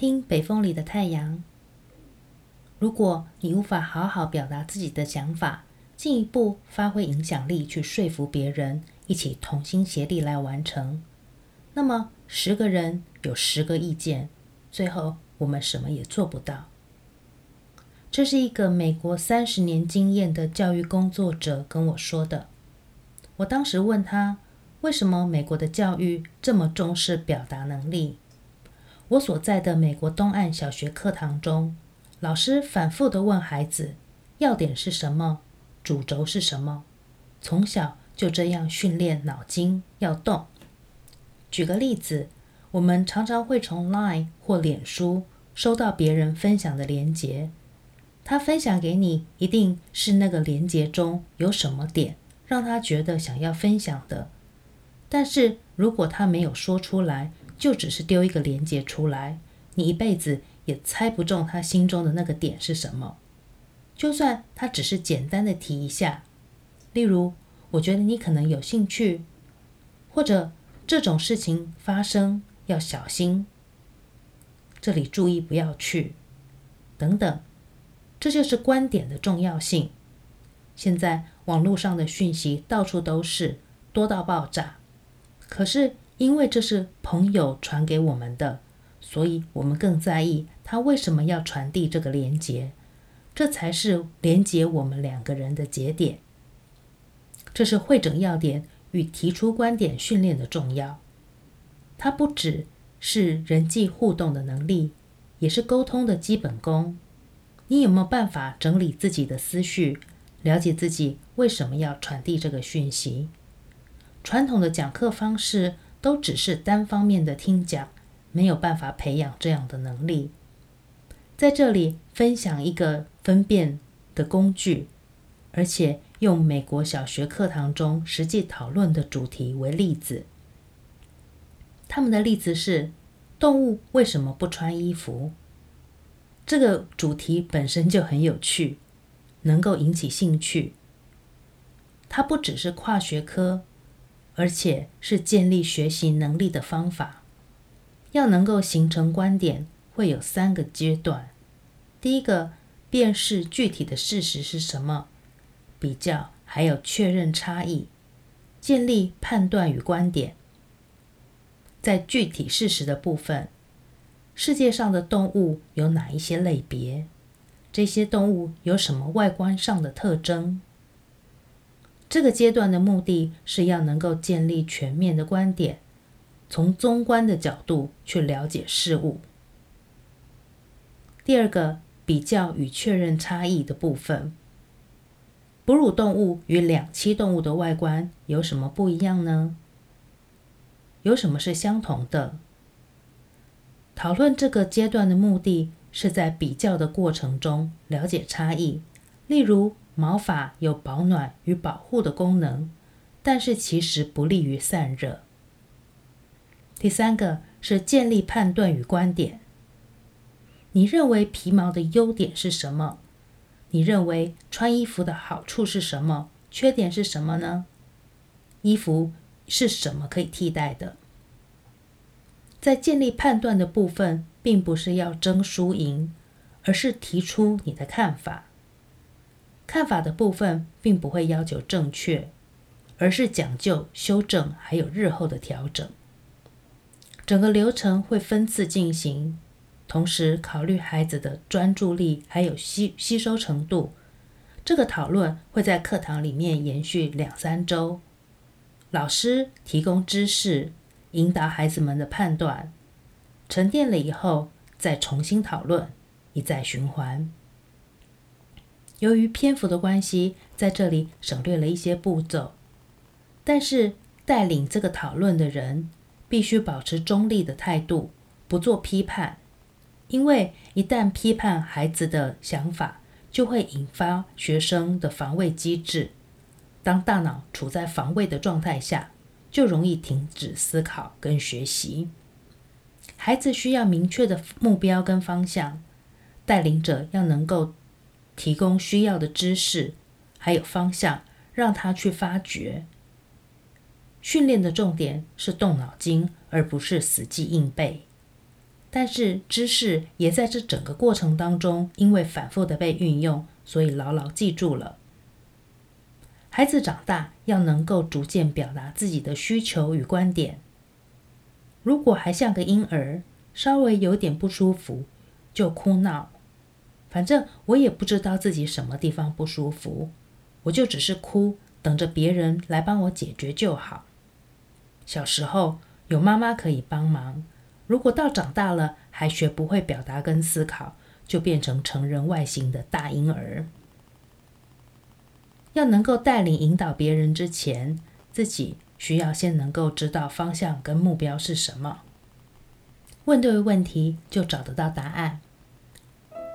聽北風裡的太陽。如果你無法好好表達自己的想法，進一步發揮影響力去說服別人，一起同心協力來完成，那麼十個人有十個意見，最後我們什麼也做不到。這是一個美國三十年經驗的教育工作者跟我說的。我當時問他，為什麼美國的教育這麼重視表達能力？我所在的美國東岸小學課堂中，老師反復地問孩子：“要點是什麼？主軸是什麼？”從小就這樣訓練腦筋要動。舉個例子，我們常常會從 Line 或臉書收到別人分享的連結，他分享給你，一定是那個連結中有什麼點讓他覺得想要分享的。但是如果他沒有說出來，就只是丟一個連結出來，你一輩子也猜不中他心中的那個點是什麼。就算他只是簡單的提一下，例如“我覺得你可能有興趣”，或者“這種事情發生要小心”，這裡注意不要去等等，這就是觀點的重要性。現在網絡上的訊息到處都是，多到爆炸，可是，因為這是朋友傳給我們的，所以我們更在意他為什麼要傳遞這個連結，這才是連接我們兩個人的節點。這是彙整要點與提出觀點訓練的重要。它不只是人際互動的能力，也是溝通的基本功。你有沒有辦法整理自己的思緒，了解自己為什麼要傳遞這個訊息？傳統的講課方式。都只是單方面的聽講，沒有辦法培養這樣的能力。在這裡分享一個分辨的工具，而且用美國小學課堂中實際討論的主題為例子。他們的例子是：動物為什麼不穿衣服？這個主題本身就很有趣，能夠引起興趣。它不只是跨學科。而且是建立學習能力的方法，要能夠形成觀點，會有三個階段。第一個，辨識具體的事實是什麼；比較，還有確認差異，建立判斷與觀點。在具體事實的部分，世界上的動物有哪一些類別？這些動物有什麼外觀上的特徵？這個階段的目的是要能夠建立全面的觀點，從綜觀的角度去了解事物。第二個，比較與確認差異的部分。哺乳動物與兩棲動物的外觀有什麼不一樣呢？有什麼是相同的？討論這個階段的目的是在比較的過程中了解差異，例如。毛髮有保暖與保護的功能，但是其實不利於散熱。第三個是建立判斷與觀點。你認為皮毛的優點是什麼？你認為穿衣服的好處是什麼？缺點是什麼呢？衣服是什麼可以替代的？在建立判斷的部分，並不是要爭輸贏，而是提出你的看法。看法的部分並不會要求正確，而是講究修正，還有日後的調整。整個流程會分次進行，同時考慮孩子的專注力還有吸吸收程度。這個討論會在課堂裡面延續兩三周，老師提供知識，引導孩子們的判斷，沉澱了以後再重新討論，一再循環。由於篇幅的關係，在這裡省略了一些步驟。但是，帶領這個討論的人必須保持中立的態度，不做批判。因為一旦批判孩子的想法，就會引發學生的防衛機製。當大腦處在防衛的狀態下，就容易停止思考跟學習。孩子需要明確的目標跟方向，帶領者要能夠。提供需要的知識，還有方向，讓他去發掘。訓練的重點是動腦筋，而不是死記硬背。但是知識也在這整個過程當中，因為反覆的被運用，所以牢牢記住了。孩子長大要能夠逐漸表達自己的需求與觀點。如果還像個嬰兒，稍微有點不舒服就哭鬧。反正我也不知道自己什麼地方不舒服，我就只是哭，等着別人來幫我解決就好。小時候有媽媽可以幫忙，如果到長大了還學不會表達跟思考，就變成成人外形的大嬰兒。要能夠帶領引導別人之前，自己需要先能夠知道方向跟目標是什麼。問對問題就找得到答案。